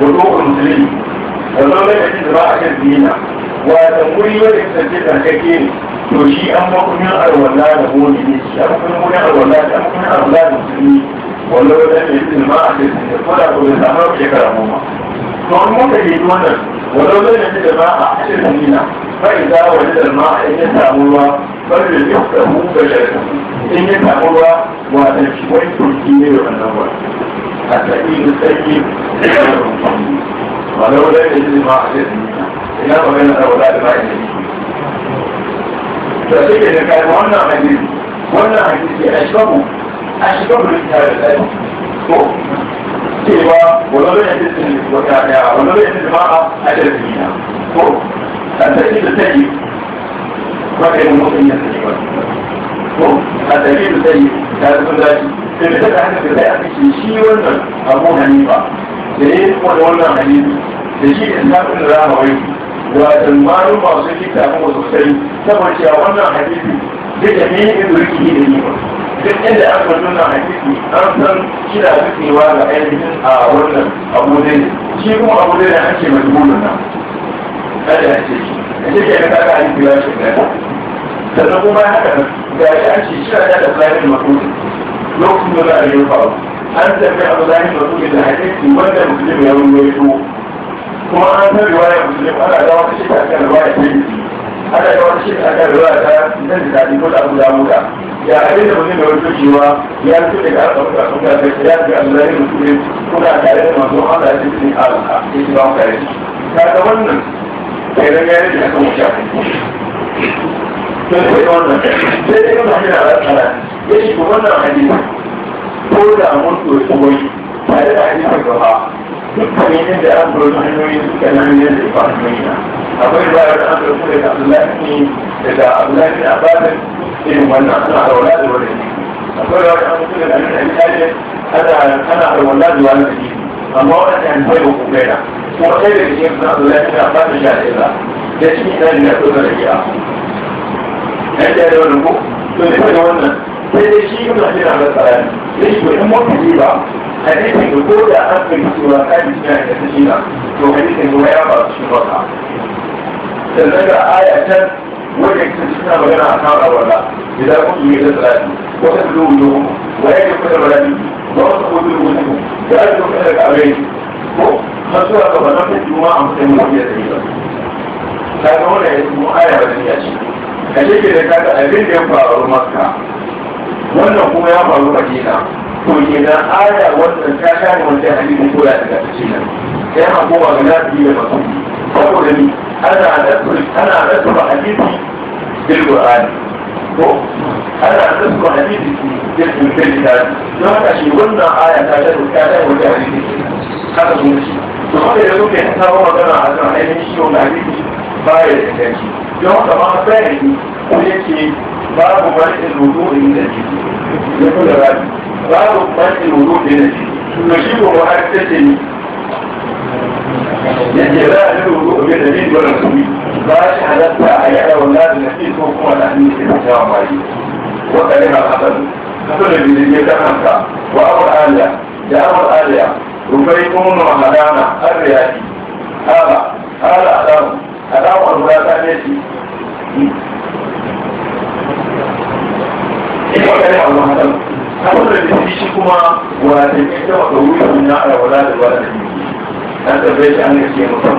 وضوء مسلم wannan lokacin da ba a kan zina wata wuri wanda ya kasance tsarkake ne to shi an makunin arwala da honi ne shi an makunin arwala da an makunin arwala da musulmi wanda wata ne yanzu ma a kan zina ko da kuma zama ba shekara goma to an muka yi wannan wanda wata ne da ba a kan zina fa idza wajada ma a yi samu ruwa fa da ya samu da shari'a in ya samu ruwa wata shi wani turki ne wannan wani a tsaki da tsaki ولو لا يجري مع حديثنا إلا وبين الأولاد بعيدين فأسيب إذا كان هنا حديث هنا حديث أشبه أشبه من هذا الآية cewa wani bai yadda sun yi wata daya wani bai yadda ba a ajiyarci na ko tattaki da sai wata yin mutum ya sai ba ko tattaki da sai ta zama daji sai da ta hanyar da sai a kashe shi wannan abu hannu ba da ya kuma da wannan hadisi da shi isnadin da za mu da wa malum ba su shi kafin wasu sai saboda cewa wannan hadisi duk da ne in riki da ni ba duk inda an ga wannan hadisi an san shi kina rikewa ga ainihin a wannan abu ne shi kuma abu dai da ake majbulun nan kada ya ce shi a ce ke da kaga hadisi ya ce da sannan kuma ya haka ga shi an ce shi da da fulani makoci lokacin da za a yi faru an tafi a zahiri wasu suke da hadisi wanda musulmi ya rubuto kuma an san riwaya musulmi ana da wata shekara kan riwaya ta yi ana da wata shekara kan riwaya ta zan da dadi ko da abu da muka ya abin da musulmi ya rubuto cewa ya rubuto daga alƙawarka sun ga sai ya ga alzahiri musulmi kuna tare da manzon Allah ya ce ni alƙa ya ce ba mu tare da ka wannan sai da ya rage akan wuce sai da wannan sai da wannan ya shiga wannan hadisi ko da mun ɗauki wani tare da an yi gaba dukkan yin da an ɗauki hanyoyin suka nan yin da ba na akwai ba da an ɗauki daga abdullahi daga abdullahi na abadan irin wannan ana raula da wani akwai ba da an da itaje ana da wani jiki amma wannan yan bai ko kaina kuma sai da cikin na abdullahi na abadan ya ce ba da shi ne da ya ɗauka da ya. ya da wani ko? To ne wannan sai dai shi ibn hajar al asqalani yayi ko in mutum ji ba hadisin da ko da an kai cewa kai shi ne da shi na to hadisin ko ya ba shi ba ka sannan ga aya ta wanda ke suna magana akan awala idan kun yi da salati ko ta dubu dubu wa ya ku da balani wa ku dubu dubu da ku da kare ko masuwa ga wannan juma'a a mutum ne ya tsaya ta ga wannan aya ba ta ce kaje ke da kada abin da ya faru maka wannan kuma ya faru madina to kenan aya wannan ta kare wancan hadisin ko ya daga cikin nan sai ma koma ga nafi da masu saboda ni ana nasuru ana nasuru hadisi bil qur'ani ko ana nasuru hadisi bil qur'ani don haka shi wannan aya ta kare ta kare wancan hadisin haka kuma shi to haka da kuke ta saba magana a kan ainihin shi wannan hadisi baya da inganci don haka ma sai ku yake باب فرق يعني الوضوء من الجن باب فرق الوضوء من الجن نجيب مؤسسني يعني لا الوضوء من الجن ولا سوي باش حدثت عيالة والناس نفسي سوق ولا في السلام عليكم وكلمة الحسن حسن بن الجن تخمسة وأبو آلية جاء أبو آلية رفيقون وحدانا الرياضي هذا هذا أدام أدام الولاة التي saboda da shi kuma wa da ke da wuri na alwala da wala da an da bai an ga ke musamman